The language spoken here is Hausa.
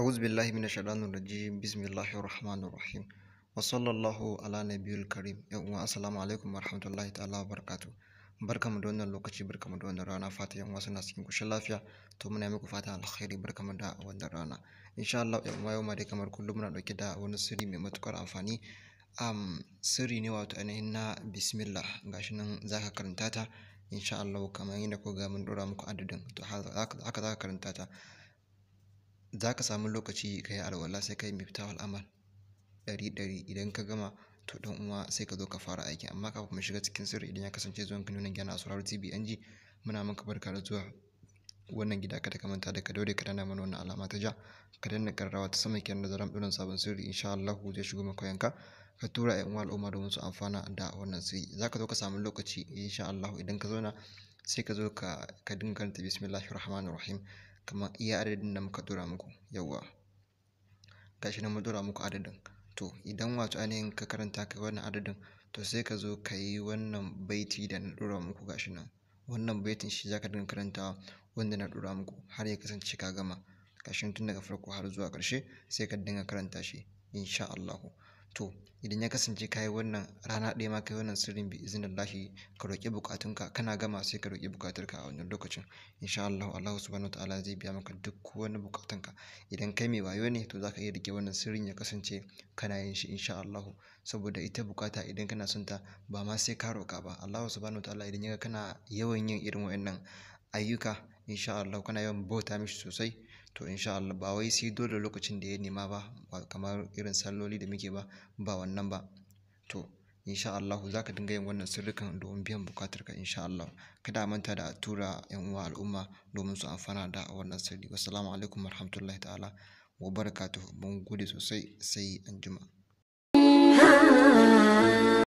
أعوذ بالله من الشيطان الرجيم بسم الله الرحمن الرحيم وصلى الله على نبي الكريم يوم السلام عليكم ورحمة الله تعالى وبركاته barkamu da wannan lokaci barkamu da wannan rana fata yan wasu na cikin kushin lafiya to muna muku fatan alkhairi barkamu da wannan rana insha Allah yan yau ma dai kamar kullum muna dauke da wani sirri mai matukar amfani um, sirri ne wato ainihin na bismillah gashi nan zaka karanta ta insha Allah kamar yadda ko ga mun dora muku adadin to haka zaka karanta ta za ka samu lokaci ka yi alwala sai ka yi miftahul amal ɗari ɗari idan ka gama to ɗan uwa sai ka zo ka fara aiki amma kafin mu shiga cikin sirri idan ya kasance zuwan ka nunan gyana a sauraro tbng muna maka barka da zuwa wannan gida ka ka manta da ka daure ka dana mana wannan alama ta ja ka danna karrawa ta sama kenan da zaran ɗaurin sabon sirri insha Allah zai shigo maka yanka ka tura ƴan uwa al'umma domin su amfana da wannan sirri za ka zo ka samu lokaci insha Allah idan ka zauna sai ka zo ka dinga karanta bismillahir rahmanir rahim kamar iya adadin da muka ɗora muku yauwa gashi nan mun ɗora muku adadin to idan wato ainihin ka karanta kai wannan adadin to sai ka zo ka yi wannan baiti da na ɗora muku gashi nan wannan baitin shi zaka dinga karantawa wanda na ɗora muku har ya kasance ka gama gashi tun daga farko har zuwa ƙarshe sai ka dinga karanta shi insha Allahu To idan ya kasance ka yi wannan rana ɗaya ma ka yi wannan sirrin bi izinin lahi ka roƙi buƙatunka kana gama sai ka roƙi ka a wannan lokacin insha Allah Allah subhanahu wataala zai biya maka duk wani ka idan kai mai wayo ne to zaka iya riƙe wannan sirrin ya kasance kana yin shi insha Allah saboda ita buƙata idan kana son ta ba ma sai ka roƙa ba Allah subhanahu wataala idan ya kana yawan yin irin waɗannan ayyuka insha Allah kana yawan bauta mishi sosai to insha Allah ba wai sai dole lokacin da ya nema ba kamar irin salloli da muke ba ba wannan ba to insha Allah za ka dinga yin wannan sirrikan domin biyan ka insha Allah kada manta da tura yan uwa al'umma domin su amfana da wannan sirri wassalamu alaikum warahmatullahi ta'ala wa barakatuhu mun gode sosai sai anjima